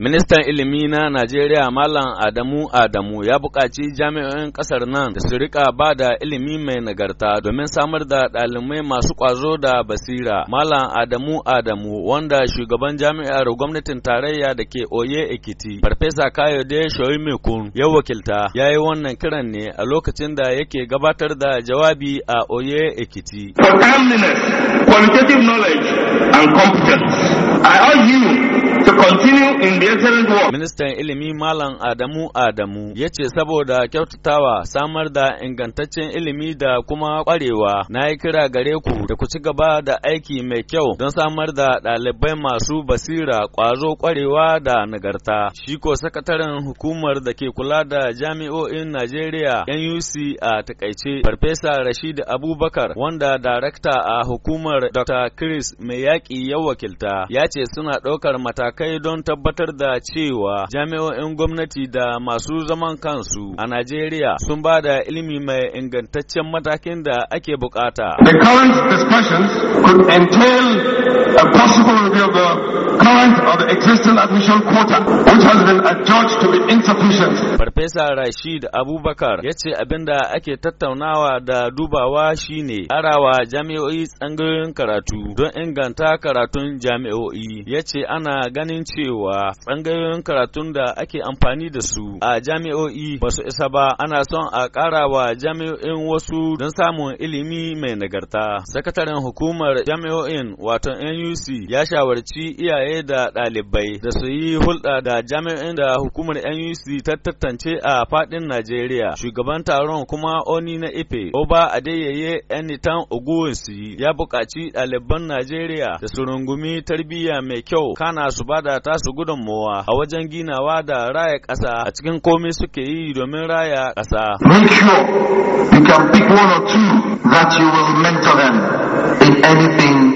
Ministan ilimi na Najeriya Malam Adamu Adamu ya buƙaci jami'o'in ƙasar nan da su rika ba da ilimi mai nagarta domin samar da ɗalibai masu ƙwazo da basira. Malam Adamu Adamu wanda shugaban jami'ar gwamnatin tarayya da ke Oye Ekiti, Farfesa Kayode Shoimekun ya wakilta ya yi wannan kiran ne a lokacin da yake gabatar da jawabi a Oye Ekiti. For timeliness, qualitative knowledge and competence, I urge you continue in the excellent work. Ministan ilimi Malam Adamu Adamu ya ce saboda kyautatawa samar da ingantaccen ilimi da kuma kwarewa na yi kira gare ku da ku ci gaba da aiki mai kyau don samar da ɗalibai masu basira ƙwazo kwarewa da nagarta. Shi ko sakataren hukumar da ke kula da jami'o'in Najeriya NUC a takaice Farfesa Rashid Abubakar wanda darakta a hukumar Dr. Chris Mai ya wakilta ya ce suna ɗaukar matakai kai don tabbatar da cewa jami'o'in gwamnati da masu zaman kansu a Najeriya sun ba da ilimi mai ingantaccen matakin da ake bukata. The current discussions could entail a possible review of current or the existing admission quota which has been adjudged to be insufficient. Farfesa Rashid Abubakar ya ce abinda ake tattaunawa da dubawa shine arawa jami'o'i tsangayoyin karatu don inganta karatun jami'o'i ya ce ana ganin cewa tsangayoyin karatun da ake amfani da su a jami'o'i ba su isa ba ana son a karawa wa jami'o'in wasu don samun ilimi mai nagarta. Sakataren hukumar jami'o'in wato NUC ya shawarci iyaye da ɗalibai da su yi hulɗa da jami'in da hukumar NUC ta tattance a faɗin Najeriya. Shugaban taron kuma Oni na Ife, Oba Adeyeye Enitan Oguwinsi ya buƙaci ɗaliban Najeriya da su rungumi tarbiyya mai kyau kana su bada tasu mowa, a wajen ginawa da raya ƙasa a cikin komai suke yi domin raya ƙasa. Make sure you can pick one or two that you will mentor them in anything